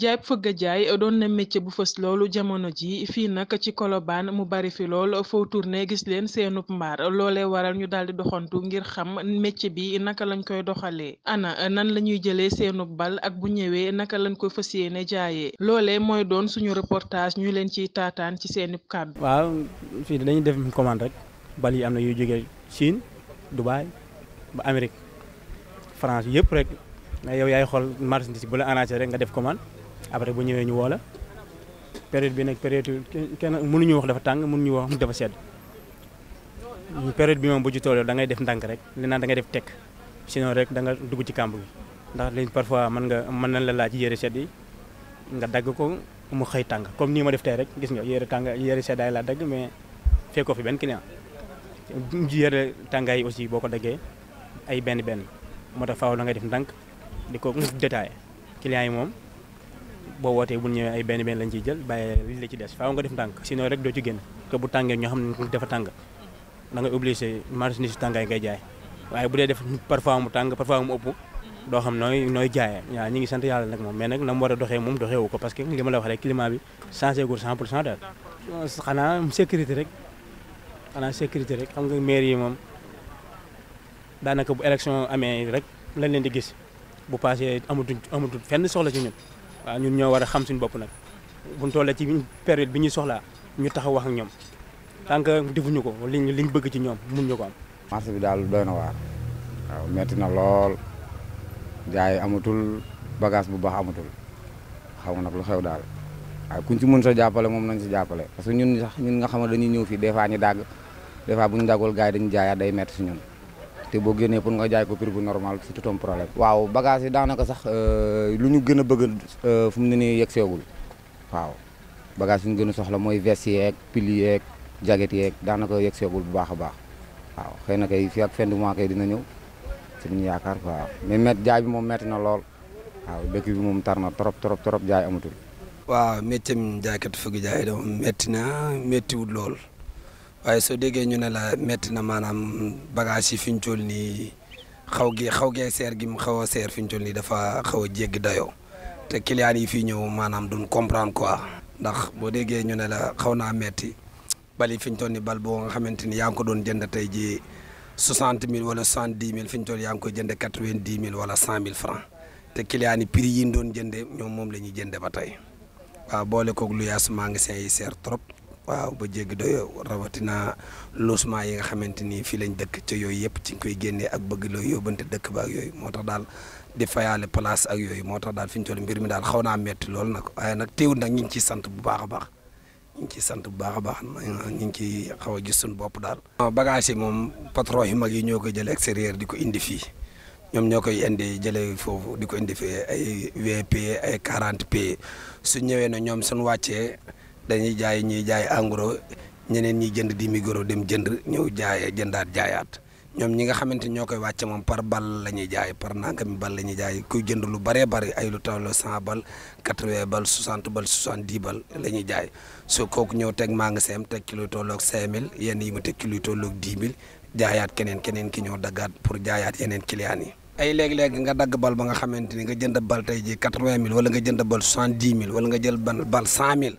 jaay fëgg a jaay doon na métier bu fës loolu jamono ji fii nag ci kolobaan mu bari fi lool foo tourné gis leen seenub mbaar loole waral ñu daal di doxantu ngir xam métier bi naka lañ koy doxalee ana nan la ñuy jëlee seenub bal ak bu ñëwee naka lañ ko fas yéene jaayee loole mooy doon suñu reportage ñu leen ciy taataan ci seeni kàddu. waaw fii dañuy def commande rek bal yi am na yuy jógee Chine Dubaï ba Amérique France yëpp rek mais yow yaay xool marchandise bu la arrangé rek nga def commande. après bu ñëwee ñu woo la période bi nag période kenn mënuñu wax dafa tàng mënuñu wax dafa sedd bi moom bu ci tool da ngay def ndànk rek li naan da ngay def tekk sinon rek da nga dugg ci kàmb bi ndax léegi parfois mën nga mën nañ la laaj yére sedd yi nga dagg ko mu xëy tànk comme nii ma def tey rek gis nga yére tàng yére seddaay laa dagg mais ko fi benn client yére tàngaay yi aussi boo ko daggee ay benn benn moo tax faw la ngay def ndànk di ko détaillé client yi moom boo wootee bu ñëwee ay benn benn lañ ciy jël bàyyi liñ la ci des faaw nga def ndànk sinon rek doo ci génn te bu tàngee ñoo xam ne dafa tàng da ngay obligé marchandise tàngaay ngay jaay waaye bu dee def parfois mu tàng parfois mu ëpp doo xam nooy nooy jaayee waaw ñi ngi sant yàlla nag moom mais nag na mu war a doxee moom doxeewu ko parce que li ma la wax rek climat bi changé gul 100 pour cent sécurité rek xanaa sécurité rek xam nga maire yi moom daanaka bu élection amee rek lañ leen di gis bu passé amatuñ amatuñ fenn soxla ci ñun waa ñun ñoo war a xam suñu bopp nag buñ tollee ci période bi ñuy soxlaa ñu taxaw wax ak ñoom tant que ñu ko liñ liñ bëgg ci ñoom mun ñu ko am. marché bi daal doy na waar waaw metti na lool gars yi amatul bagage bu baax amatul xaw ma nag lu xew daal waaye kuñ ci mën sa jàppale moom nañ si jàppale parce ñun nga xam ne dañuy fii des ñu dagg des fois bu ñu daggul gars yi dañu jaayaat day metti si te boo génnee pour nga jaay ko prix bu normal c'est tout un problème. waaw bagage yi daanaka sax euh, lu ñu gën a bëgg euh, fu mu ne nii yegg seegul waaw bagage yu ñu gën a soxla mooy veste yeeg pili yeeg jaget yeeg daanaka yegg seegul bu baax a baax waaw xëy na kay fii ak fin du dina ñëw ci ñu yaakaar waaw mais met jaay bi moom metti na lool waaw dëkk bi moom tar na trop trop trop jaay amatul. waaw métti am jaaykat fukki jaay dama metti na méttiwul lool. waaye soo déggee ñu ne la métti na maanaam bagage yi fi ñu toll nii xaw gi xaw gee seer gi mu xaw a seer fi ñu toll nii dafa xaw a jéggi dayoo te client yi fi ñëw maanaam duñ comprendre quoi ndax boo déggee ñu ne la xaw naa metti bali fi ñu toll nii bal boo nga xamante ni yaa ngi ko doon jënd tey jii soixante mille wala soixante dix mille fi ñu toll yaa ngi koy jënd quatre vingt dix mille wala cent mille te client yi yi ñu doon jënde ñoom moom la ñuy jëndee ba tey waaw boole koog lu yaas magasin yi seer trop. waaw ba jéggi doyo rawatina logement yi nga xamante ni fii lañ dëkk ca yooyu yëpp ci ñu koy génnee ak bëgg loo yóbbante dëkk ba ak yooyu moo tax daal di fayaale place ak yooyu moo tax daal fi ñu toll mbir mi daal xaw naa metti lool nag waaye nag teewul nag ñu ngi ciy sant bu baax baax ñu sant bu baax a baax ñu ngi ciy xaw a gis suñu bopp daal. bagage yi moom patron yu mag yi ñoo ko jëlee extérieur di ko indi fii ñoom ñoo koy indi jële foofu di ko indi fii ay 20 pieds ay 40 pieds su ñëwee na ñoom suñu wàccee. dañuy jaay ñuy jaay engrais ñeneen ñi jënd di migoro dem jënd ñëw jaay jëndaat jaayaat ñoom ñi nga xamante ni ñoo koy wàcce moom par bal la ñuy jaay par mi bal la ñuy jaay ku jënd lu bëree bëri ay lu taw la cent bal quatre-vingts bal soixante bal bal la ñuy jaay su kooku ñëw teg magasin teg ci luy tolloog cinq mille yenn yi ci luy tolloog dix mille jaayaat keneen keneen ki ñëw daggaat pour jaayaat yeneen clients yi. ay léeg nga dagg bal ba nga xamante ni nga jënd bal tey ji quatre-vingt mille nga jënd bal soixante-dix wala nga jël bal cent mille.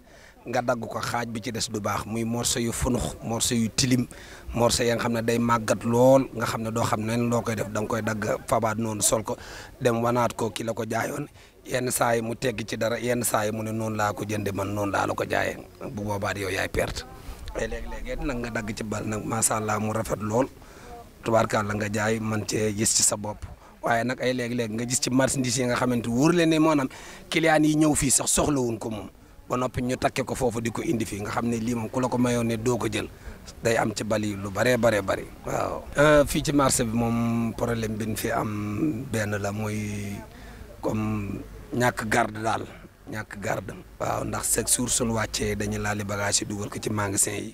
nga dagg ko xaaj bi ci des du baax muy morceau yu funux morceau yu tilim morceau ya nga xam ne day màggat lool nga xam ne doo xam ne loo koy def da koy dagg fabaat noonu sol ko dem wanaat ko ki ko jaayoon yenn saa yi mu tegg ci dara yenn saa yi mu ne noonu laa ko jënde man noonu laa la ko jaayee bu boobaat yow yaay perte mais léegi-léegi nag nga dagg ci bal nag macha allah mu rafet lool tubaar la nga jaay man cee gis ci sa bopp waaye nag ay léegi-léegi nga gis ci marchandise yi nga xamante wóor leen ne maanaam client yi ñëw fii sax soxlawuñ ko moom ba noppi ñu takke ko foofu di ko indi fii nga xam ne lii moom ku la ko mayoon ne doo ko jël day am ci bali lu bëree bëree bëri waaw euh, fii ci marché bi moom problème bin ñu am benn la muy comme ñàkk garde daal ñàkk garde waaw ndax chaque jour suñu wàcce dañu laali bagage yi dugal ko ci magasin yi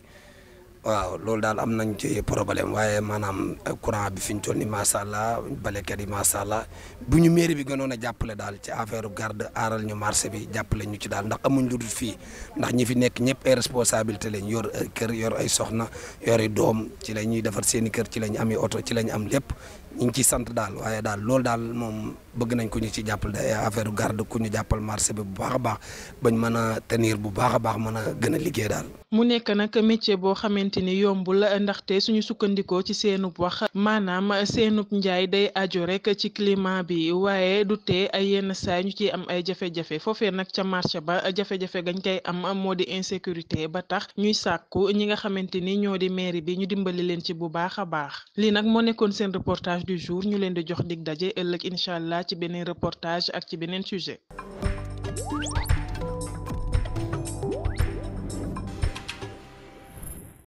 waaw loolu daal am nañ ci problème waaye maanaam courant bi fi ñu toll nii allah balekat yi macha allah bu ñu mairie bi gënoon a jàppale daal ci affaire garde aaral ñu marché bi jàppale ñu ci daal ndax amuñ lu dul fii ndax ñi fi nekk ñëpp ay responsabilité lañ yor ay yor ay soxna yor ay doom ci la ñuy defar seen i kër ci la ñu amee oto ci la ñu am lépp ñu ngi ciy sant daal waaye daal loolu daal moom bëgg nañ ku ñu ci jàppale affaire garde ku ñu jàppal marché bi bu baax a baax bañ mën a tenir bu baax a baax mën a gën a liggéey daal. mu nekk nag métier boo xamante ni yombul ndaxte suñu sukkandikoo ci seenub wax maanaam seenub njaay day ajo rek ci climat bi waaye du te ay yenn saay ñu ciy am ay jafe-jafe foofee nag ca marché ba jafe-jafe gañ kay am moo di insécurité ba tax ñuy sàkku ñi nga xamante ni ñoo di mairie bi ñu dimbali leen ci bu baax a baax lii nag moo nekkoon seen reportage du jour ñu leen di jox dig daje ëllëg incha allah ci beneen reportage ak ci beneen sujet